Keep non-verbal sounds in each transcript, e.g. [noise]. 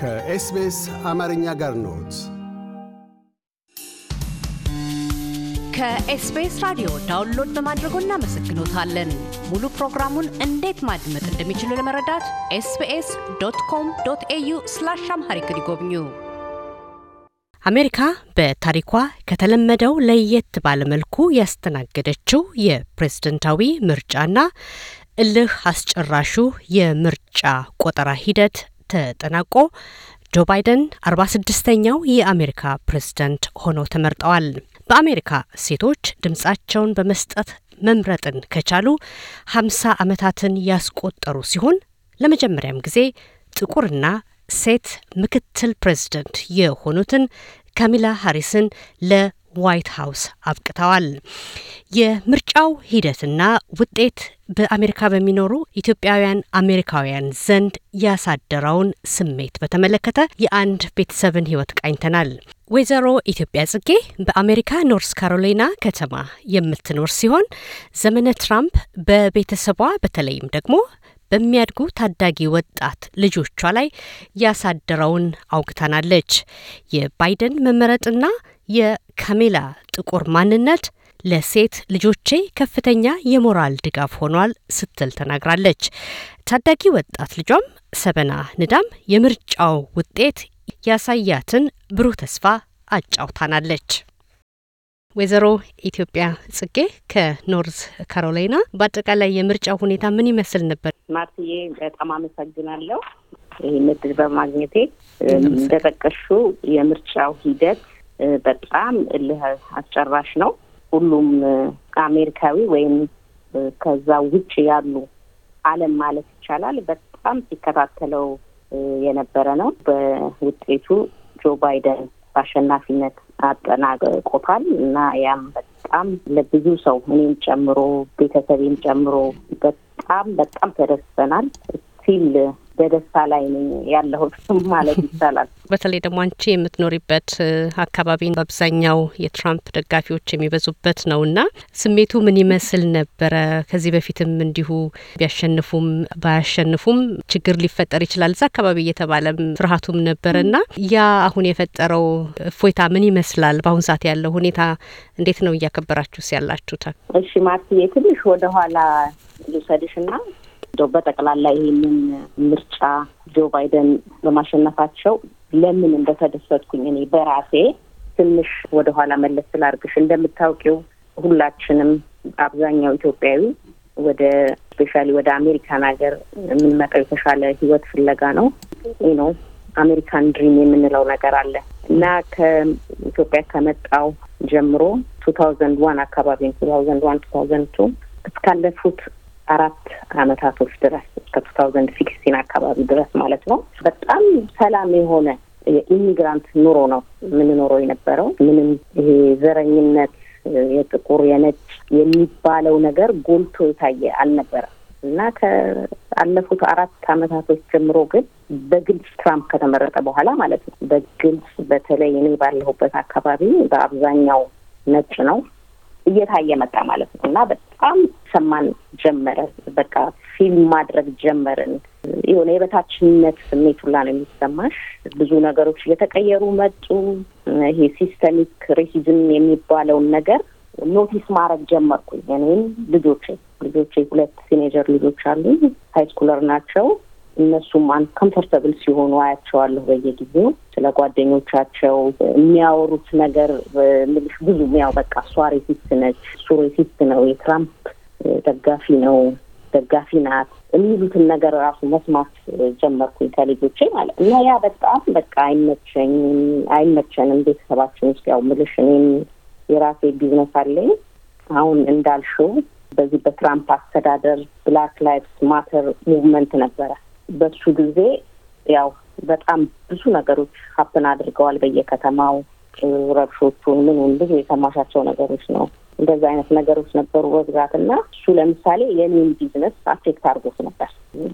ከኤስቢኤስ አማርኛ ጋር ነት ከኤስቢኤስ ራዲዮ ዳውንሎድ በማድረጎ እናመሰግኖታለን። ሙሉ ፕሮግራሙን እንዴት ማድመጥ እንደሚችሉ ለመረዳት ኤስቢኤስ ዶት ኮም ዶት ኤዩ ስላሽ አምሃሪክ ይጎብኙ። አሜሪካ በታሪኳ ከተለመደው ለየት ባለመልኩ ያስተናገደችው የፕሬዝደንታዊ ምርጫና እልህ አስጨራሹ የምርጫ ቆጠራ ሂደት ተጠናቆ ጆ ባይደን 46 ድስተኛው የአሜሪካ ፕሬዝዳንት ሆነው ተመርጠዋል። በአሜሪካ ሴቶች ድምፃቸውን በመስጠት መምረጥን ከቻሉ 50 ዓመታትን ያስቆጠሩ ሲሆን ለመጀመሪያም ጊዜ ጥቁርና ሴት ምክትል ፕሬዝደንት የሆኑትን ካሚላ ሃሪስን ለ ዋይት ሀውስ አብቅተዋል። የምርጫው ሂደትና ውጤት በአሜሪካ በሚኖሩ ኢትዮጵያውያን አሜሪካውያን ዘንድ ያሳደረውን ስሜት በተመለከተ የአንድ ቤተሰብን ህይወት ቃኝተናል። ወይዘሮ ኢትዮጵያ ጽጌ በአሜሪካ ኖርስ ካሮሊና ከተማ የምትኖር ሲሆን ዘመነ ትራምፕ በቤተሰቧ በተለይም ደግሞ በሚያድጉ ታዳጊ ወጣት ልጆቿ ላይ ያሳደረውን አውግታናለች። የባይደን መመረጥና የካሜላ ጥቁር ማንነት ለሴት ልጆቼ ከፍተኛ የሞራል ድጋፍ ሆኗል ስትል ተናግራለች። ታዳጊ ወጣት ልጇም ሰበና ንዳም የምርጫው ውጤት ያሳያትን ብሩህ ተስፋ አጫውታናለች። ወይዘሮ ኢትዮጵያ ጽጌ ከኖርዝ ካሮላይና፣ በአጠቃላይ የምርጫው ሁኔታ ምን ይመስል ነበር? ማርትዬ በጣም አመሰግናለሁ ይህ ምድር በማግኘቴ እንደጠቀሹ የምርጫው ሂደት በጣም እልህ አስጨራሽ ነው። ሁሉም አሜሪካዊ ወይም ከዛ ውጭ ያሉ ዓለም ማለት ይቻላል በጣም ሲከታተለው የነበረ ነው። በውጤቱ ጆ ባይደን በአሸናፊነት አጠናቆታል እና ያም በጣም ለብዙ ሰው እኔም ጨምሮ ቤተሰቤን ጨምሮ በጣም በጣም ተደስተናል ሲል በደስታ ላይ ነኝ ያለሁት [laughs] ማለት ይቻላል። በተለይ ደግሞ አንቺ የምትኖሪበት አካባቢ በአብዛኛው የትራምፕ ደጋፊዎች የሚበዙበት ነው እና ስሜቱ ምን ይመስል ነበረ? ከዚህ በፊትም እንዲሁ ቢያሸንፉም ባያሸንፉም ችግር ሊፈጠር ይችላል እዛ አካባቢ እየተባለም ፍርሃቱም ነበረ እና ያ አሁን የፈጠረው እፎይታ ምን ይመስላል? በአሁን ሰዓት ያለው ሁኔታ እንዴት ነው እያከበራችሁስ ያላችሁት? እሺ ማርትዬ፣ ትንሽ ወደኋላ ልውሰድሽ እንደው በጠቅላላ ይህንን ምርጫ ጆ ባይደን በማሸነፋቸው ለምን እንደተደሰትኩኝ እኔ በራሴ ትንሽ ወደኋላ መለስ ስላርግሽ እንደምታውቂው ሁላችንም አብዛኛው ኢትዮጵያዊ ወደ ስፔሻሊ ወደ አሜሪካን ሀገር የምንመጣው የተሻለ ህይወት ፍለጋ ነው ነው አሜሪካን ድሪም የምንለው ነገር አለ እና ከኢትዮጵያ ከመጣው ጀምሮ ቱ ታውዘንድ ዋን አካባቢ ቱ ታውዘንድ ዋን ቱ ታውዘንድ ቱ እስካለፉት አራት አመታቶች ድረስ እስከ ቱ ታውዘንድ ሲክስቲን አካባቢ ድረስ ማለት ነው በጣም ሰላም የሆነ የኢሚግራንት ኑሮ ነው የምንኖረው የነበረው። ምንም ይሄ ዘረኝነት የጥቁር የነጭ የሚባለው ነገር ጎልቶ የታየ አልነበረም እና ከአለፉት አራት አመታቶች ጀምሮ ግን በግልጽ ትራምፕ ከተመረጠ በኋላ ማለት ነው በግልጽ በተለይ እኔ ባለሁበት አካባቢ በአብዛኛው ነጭ ነው እየታየ መጣ ማለት ነው እና በጣም ሰማን ጀመረ። በቃ ፊልም ማድረግ ጀመርን። የሆነ የበታችነት ስሜት ሁላ ነው የሚሰማሽ። ብዙ ነገሮች እየተቀየሩ መጡ። ይሄ ሲስተሚክ ሬሲዝም የሚባለውን ነገር ኖቲስ ማድረግ ጀመርኩኝ። እኔም ልጆቼ ልጆቼ ሁለት ቲኔጀር ልጆች አሉ፣ ሀይስኩለር ናቸው። እነሱም አን አንከምፈርተብል ሲሆኑ አያቸዋለሁ በየጊዜው ስለ ጓደኞቻቸው የሚያወሩት ነገር ምልሽ ብዙም ያው በቃ እሷ ሬሲስት ነች እሱ ሬሲስት ነው የትራምፕ ደጋፊ ነው ደጋፊ ናት የሚሉትን ነገር ራሱ መስማት ጀመርኩኝ ከልጆቼ ማለት እና ያ በጣም በቃ አይመቸኝም አይመቸንም ቤተሰባችን ውስጥ ያው ምልሽ እኔም የራሴ ቢዝነስ አለኝ አሁን እንዳልሽው በዚህ በትራምፕ አስተዳደር ብላክ ላይፍስ ማተር ሙቭመንት ነበረ በሱ ጊዜ ያው በጣም ብዙ ነገሮች ሀፕን አድርገዋል በየከተማው ረብሾቹን ምኑን ብዙ የሰማሻቸው ነገሮች ነው እንደዚህ አይነት ነገሮች ነበሩ በብዛት እና እሱ ለምሳሌ የኔን ቢዝነስ አፌክት አድርጎት ነበር።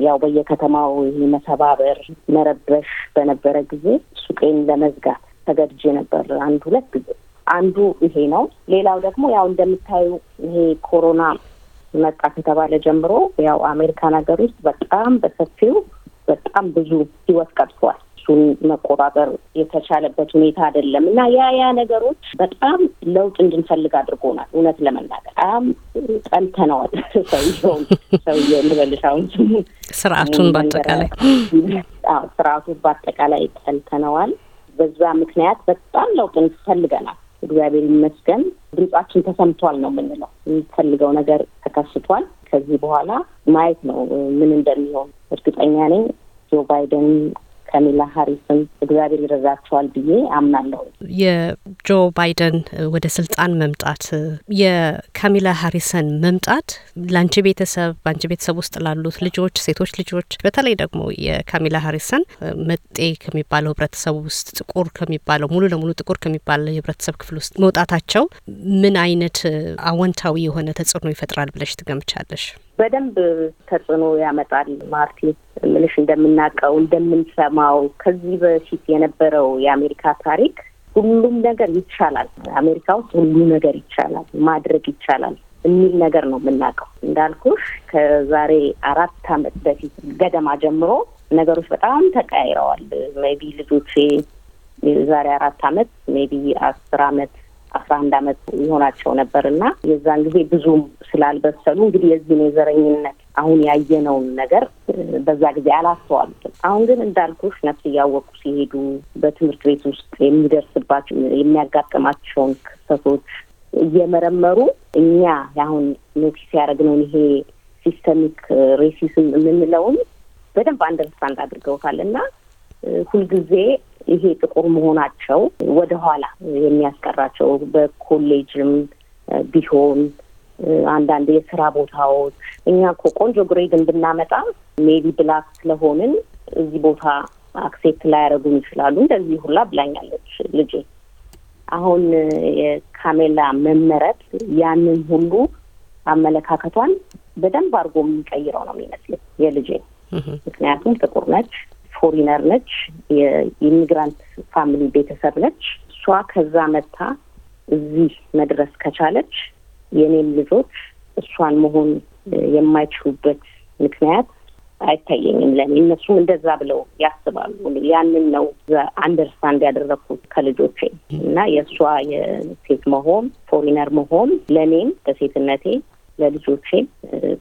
ያው በየከተማው ይሄ መሰባበር፣ መረበሽ በነበረ ጊዜ ሱቄን ለመዝጋት ተገድጄ ነበር አንድ ሁለት ጊዜ። አንዱ ይሄ ነው። ሌላው ደግሞ ያው እንደምታዩ ይሄ ኮሮና መጣ ከተባለ ጀምሮ ያው አሜሪካን ሀገር ውስጥ በጣም በሰፊው በጣም ብዙ ህይወት ቀጥፏል። እሱን መቆጣጠር የተቻለበት ሁኔታ አይደለም እና ያ ያ ነገሮች በጣም ለውጥ እንድንፈልግ አድርጎናል። እውነት ለመናገር በጣም ጠልተነዋል። ሰውየውን ሰውየውን ልበልሽ ስሙ ስርአቱን በአጠቃላይ ስርአቱ በአጠቃላይ ጠልተነዋል። በዛ ምክንያት በጣም ለውጥ እንፈልገናል። እግዚአብሔር ይመስገን ድምጻችን ተሰምቷል ነው የምንለው። የሚፈልገው ነገር ተከስቷል። ከዚህ በኋላ ማየት ነው ምን እንደሚሆን እርግጠኛ ነኝ። ጆ ባይደን ከሚላ ሀሪስም እግዚአብሔር ይረዛቸዋል ብዬ አምናለሁ። የጆ ባይደን ወደ ስልጣን መምጣት የካሚላ ሀሪሰን መምጣት ለአንቺ ቤተሰብ በአንቺ ቤተሰብ ውስጥ ላሉት ልጆች፣ ሴቶች ልጆች በተለይ ደግሞ የካሚላ ሀሪሰን መጤ ከሚባለው ህብረተሰብ ውስጥ ጥቁር ከሚባለው ሙሉ ለሙሉ ጥቁር ከሚባለው የህብረተሰብ ክፍል ውስጥ መውጣታቸው ምን አይነት አወንታዊ የሆነ ተጽዕኖ ይፈጥራል ብለሽ ትገምቻለሽ? በደንብ ተጽዕኖ ያመጣል ማርቲ ምልሽ እንደምናውቀው እንደምንሰማው ከዚህ በፊት የነበረው የአሜሪካ ታሪክ ሁሉም ነገር ይቻላል፣ አሜሪካ ውስጥ ሁሉ ነገር ይቻላል፣ ማድረግ ይቻላል የሚል ነገር ነው የምናውቀው። እንዳልኩሽ ከዛሬ አራት ዓመት በፊት ገደማ ጀምሮ ነገሮች በጣም ተቀያይረዋል። ቢ ልጆቼ የዛሬ አራት ዓመት ቢ አስር ዓመት አስራ አንድ ዓመት የሆናቸው ነበር እና የዛን ጊዜ ብዙም ስላልበሰሉ እንግዲህ የዚህን የዘረኝነት አሁን ያየነውን ነገር በዛ ጊዜ አላስተዋሉትም። አሁን ግን እንዳልኩሽ ነፍስ እያወቁ ሲሄዱ በትምህርት ቤት ውስጥ የሚደርስባቸው የሚያጋጥማቸውን ክስተቶች እየመረመሩ እኛ አሁን ኖቲስ ያደረግነውን ይሄ ሲስተሚክ ሬሲዝም የምንለውን በደንብ አንደርስታንድ አድርገውታል እና ሁልጊዜ ይሄ ጥቁር መሆናቸው ወደኋላ የሚያስቀራቸው በኮሌጅም ቢሆን አንዳንድ የስራ ቦታዎች እኛ እኮ ቆንጆ ግሬድን ሜቢ ብላክ ስለሆንን እዚህ ቦታ አክሴፕት ላያደረጉን ይችላሉ። እንደዚህ ሁላ ብላኛለች ልጄ። አሁን የካሜላ መመረጥ ያንን ሁሉ አመለካከቷን በደንብ አድርጎ የሚቀይረው ነው የሚመስለኝ የልጄ። ምክንያቱም ጥቁር ነች፣ ፎሪነር ነች፣ የኢሚግራንት ፋሚሊ ቤተሰብ ነች። እሷ ከዛ መታ እዚህ መድረስ ከቻለች የኔም ልጆች እሷን መሆን የማይችሉበት ምክንያት አይታየኝም። ለኔ እነሱም እንደዛ ብለው ያስባሉ። ያንን ነው አንደርስታንድ ያደረግኩት ከልጆች እና የእሷ የሴት መሆን ፎሪነር መሆን ለእኔም በሴትነቴ ለልጆቼ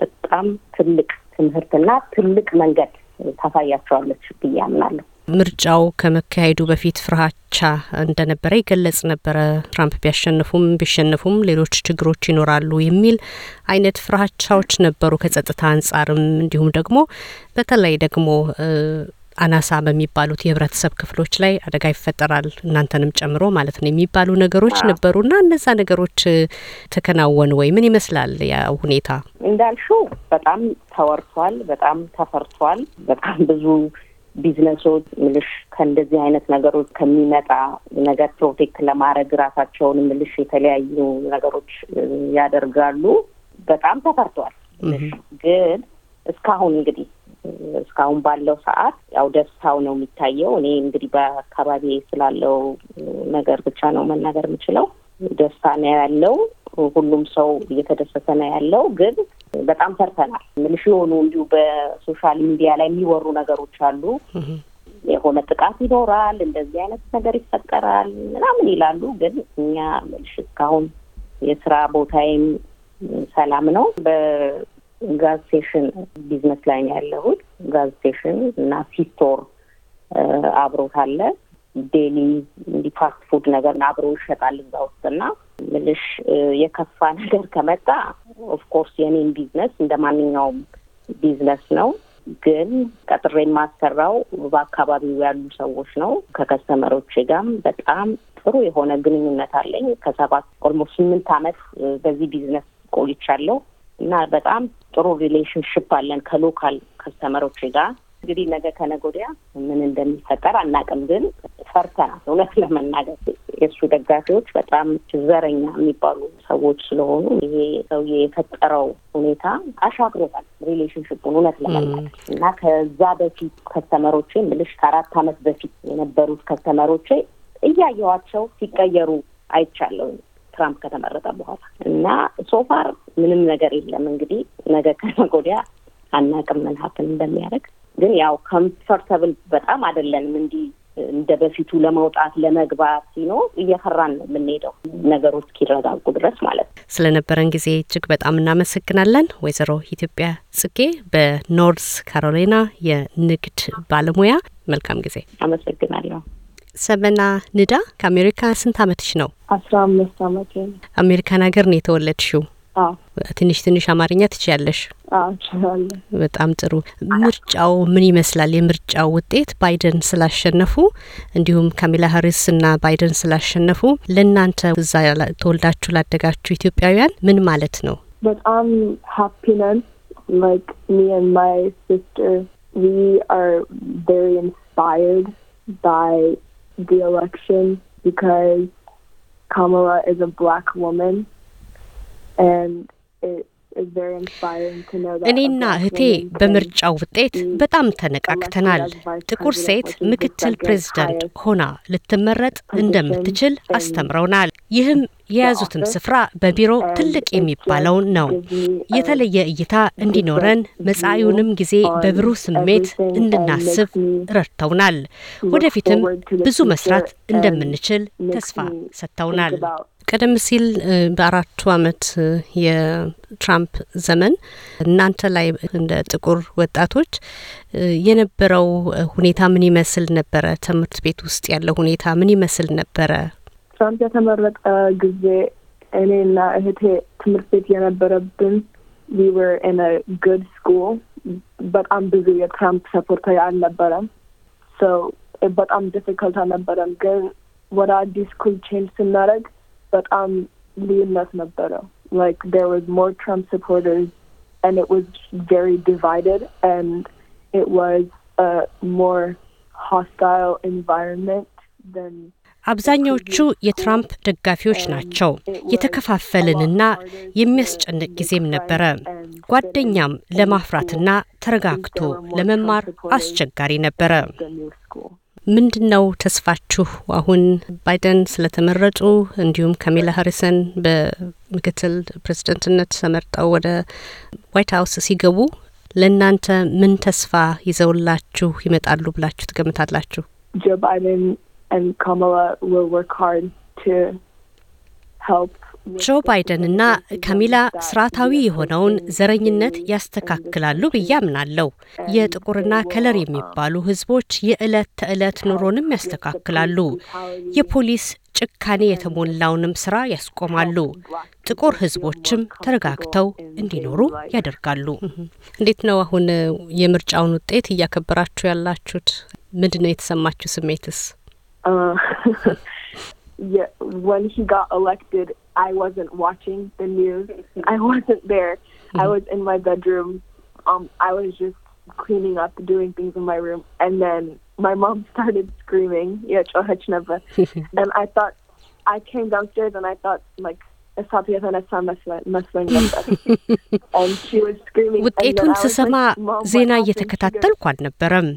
በጣም ትልቅ ትምህርትና ትልቅ መንገድ ታሳያቸዋለች ብዬ አምናለሁ። ምርጫው ከመካሄዱ በፊት ፍርሃቻ እንደነበረ ይገለጽ ነበረ። ትራምፕ ቢያሸንፉም ቢሸንፉም ሌሎች ችግሮች ይኖራሉ የሚል አይነት ፍርሃቻዎች ነበሩ፣ ከጸጥታ አንጻርም እንዲሁም ደግሞ በተለይ ደግሞ አናሳ በሚባሉት የህብረተሰብ ክፍሎች ላይ አደጋ ይፈጠራል እናንተንም ጨምሮ ማለት ነው የሚባሉ ነገሮች ነበሩና እነዛ ነገሮች ተከናወኑ ወይ? ምን ይመስላል ያ ሁኔታ? እንዳልሹ በጣም ተወርቷል፣ በጣም ተፈርቷል፣ በጣም ብዙ ቢዝነሶች ምልሽ ከእንደዚህ አይነት ነገሮች ከሚመጣ ነገር ፕሮቴክት ለማድረግ ራሳቸውን ምልሽ የተለያዩ ነገሮች ያደርጋሉ። በጣም ተፈርቷል። ግን እስካሁን እንግዲህ እስካሁን ባለው ሰዓት ያው ደስታው ነው የሚታየው። እኔ እንግዲህ በአካባቢ ስላለው ነገር ብቻ ነው መናገር የምችለው። ደስታ ነው ያለው። ሁሉም ሰው እየተደሰተ ነው ያለው። ግን በጣም ፈርተናል። ምልሽ የሆኑ እንዲሁ በሶሻል ሚዲያ ላይ የሚወሩ ነገሮች አሉ። የሆነ ጥቃት ይኖራል፣ እንደዚህ አይነት ነገር ይፈጠራል ምናምን ይላሉ። ግን እኛ ምልሽ እስካሁን የስራ ቦታዬም ሰላም ነው። በጋዝ ስቴሽን ቢዝነስ ላይ ያለሁት። ጋዝ ስቴሽን እና ሲስቶር አብሮት አለ ዴሊ እንዲህ ፋስት ፉድ ነገር አብሮ ይሸጣል እዛ ውስጥ እና ምልሽ የከፋ ነገር ከመጣ ኦፍኮርስ የኔን ቢዝነስ እንደ ማንኛውም ቢዝነስ ነው ግን ቀጥሬ የማሰራው በአካባቢው ያሉ ሰዎች ነው። ከከስተመሮች ጋርም በጣም ጥሩ የሆነ ግንኙነት አለኝ። ከሰባት ኦልሞስት ስምንት አመት በዚህ ቢዝነስ ቆይቻለሁ እና በጣም ጥሩ ሪሌሽንሽፕ አለን ከሎካል ከስተመሮች ጋር እንግዲህ ነገ ከነገ ወዲያ ምን እንደሚፈጠር አናውቅም፣ ግን ፈርተናል። እውነት ለመናገር የእሱ ደጋፊዎች በጣም ዘረኛ የሚባሉ ሰዎች ስለሆኑ ይሄ ሰውዬ የፈጠረው ሁኔታ አሻግሮታል ሪሌሽንሽፑን እውነት ለመናገር እና ከዛ በፊት ከስተመሮቼ ምልሽ ከአራት ዓመት በፊት የነበሩት ከስተመሮቼ እያየኋቸው ሲቀየሩ አይቻለሁ። ትራምፕ ከተመረጠ በኋላ እና ሶፋር ምንም ነገር የለም። እንግዲህ ነገ ከነገ ወዲያ አናውቅም ምን ሀፕን እንደሚያደርግ ግን ያው ከምፈርተብል በጣም አይደለንም እንዲህ እንደ በፊቱ ለመውጣት ለመግባት ሲኖ እየፈራን ነው የምንሄደው ነገሮች እስኪረጋጉ ድረስ ማለት ነው። ስለነበረን ጊዜ እጅግ በጣም እናመሰግናለን። ወይዘሮ ኢትዮጵያ ጽጌ በኖርዝ ካሮላይና የንግድ ባለሙያ መልካም ጊዜ። አመሰግናለሁ። ሰመና ንዳ ከአሜሪካ ስንት አመትሽ ነው? አስራ አምስት አመት። አሜሪካን ሀገር ነው የተወለድሽው? ትንሽ ትንሽ አማርኛ ትችያለሽ? በጣም ጥሩ። ምርጫው ምን ይመስላል? የምርጫው ውጤት ባይደን ስላሸነፉ እንዲሁም ካሚላ ሀሪስ እና ባይደን ስላሸነፉ ለእናንተ እዛ ተወልዳችሁ ላደጋችሁ ኢትዮጵያውያን ምን ማለት ነው? በጣም ሀፒ ነን። ላይክ ሚ ኤንድ ማይ ሲስተር ዊ አር ቬሪ ኢንስፓየርድ ባይ ዘ ኤሌክሽን ቢካዝ ካማላ ኢዝ አ ብላክ ወመን ኤንድ ኢት እኔና እህቴ በምርጫው ውጤት mm. በጣም ተነቃቅተናል። ጥቁር ሴት ምክትል ፕሬዝዳንት ሆና ልትመረጥ እንደምትችል አስተምረውናል። ይህም የያዙትም ስፍራ በቢሮ ትልቅ የሚባለው ነው። የተለየ እይታ እንዲኖረን መጻኢውንም ጊዜ በብሩህ ስሜት እንድናስብ ረድተውናል። ወደፊትም ብዙ መስራት እንደምንችል ተስፋ ሰጥተውናል። ቀደም ሲል በአራቱ ዓመት የትራምፕ ዘመን እናንተ ላይ እንደ ጥቁር ወጣቶች የነበረው ሁኔታ ምን ይመስል ነበረ? ትምህርት ቤት ውስጥ ያለው ሁኔታ ምን ይመስል ነበረ? እሷም በተመረቀ ጊዜ እኔና እህቴ ትምህርት ቤት የነበረብን we were in a good school በጣም ብዙ የትራምፕ ሰፖርተር አልነበረም so በጣም ዲፊክልት አልነበረም ግን ወደ አዲስ ስኩል ቼንጅ ስናደረግ በጣም ልዩነት ነበረው like there was more Trump supporters and it was very divided and it was a more hostile environment than አብዛኛዎቹ የትራምፕ ደጋፊዎች ናቸው። የተከፋፈልንና የሚያስጨንቅ ጊዜም ነበረ። ጓደኛም ለማፍራትና ተረጋግቶ ለመማር አስቸጋሪ ነበረ። ምንድን ነው ተስፋችሁ አሁን ባይደን ስለተመረጡ እንዲሁም ካሜላ ሀሪሰን በምክትል ፕሬዝደንትነት ተመርጠው ወደ ዋይት ሀውስ ሲገቡ ለእናንተ ምን ተስፋ ይዘውላችሁ ይመጣሉ ብላችሁ ትገምታላችሁ? ጆ ባይደን and Kamala will work hard to help ጆ ባይደንና ካሚላ ስርዓታዊ የሆነውን ዘረኝነት ያስተካክላሉ ብዬ አምናለሁ። የጥቁርና ከለር የሚባሉ ህዝቦች የዕለት ተዕለት ኑሮንም ያስተካክላሉ። የፖሊስ ጭካኔ የተሞላውንም ስራ ያስቆማሉ። ጥቁር ህዝቦችም ተረጋግተው እንዲኖሩ ያደርጋሉ። እንዴት ነው አሁን የምርጫውን ውጤት እያከበራችሁ ያላችሁት? ምንድን ነው የተሰማችሁ ስሜትስ? Uh, [laughs] yeah, when he got elected, I wasn't watching the news. I wasn't there. Mm-hmm. I was in my bedroom. Um, I was just cleaning up, doing things in my room, and then my mom [laughs] started screaming, "Yeah, [laughs] and I thought I came downstairs and I thought like የተነሳ መስሎኝ ነበር። [laughs] ውጤቱን ስሰማ ዜና እየተከታተልኩ አልነበረም።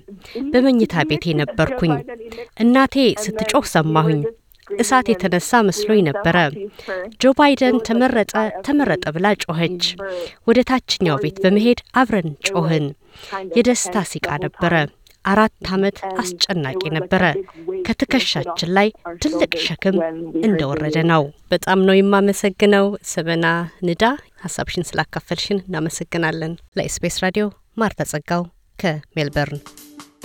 በመኝታ ቤቴ ነበርኩኝ። እናቴ ስትጮህ ሰማሁኝ። እሳት የተነሳ መስሎኝ ነበረ። ጆ ባይደን ተመረጠ ተመረጠ ብላ ጮኸች። ወደ ታችኛው ቤት በመሄድ አብረን ጮህን። የደስታ ሲቃ ነበረ። አራት ዓመት አስጨናቂ ነበረ። ከትከሻችን ላይ ትልቅ ሸክም እንደወረደ ነው። በጣም ነው የማመሰግነው ሰበና ንዳ፣ ሀሳብሽን ስላካፈልሽን እናመሰግናለን። ለኤስቢኤስ ራዲዮ ማርታ ጸጋው ከሜልበርን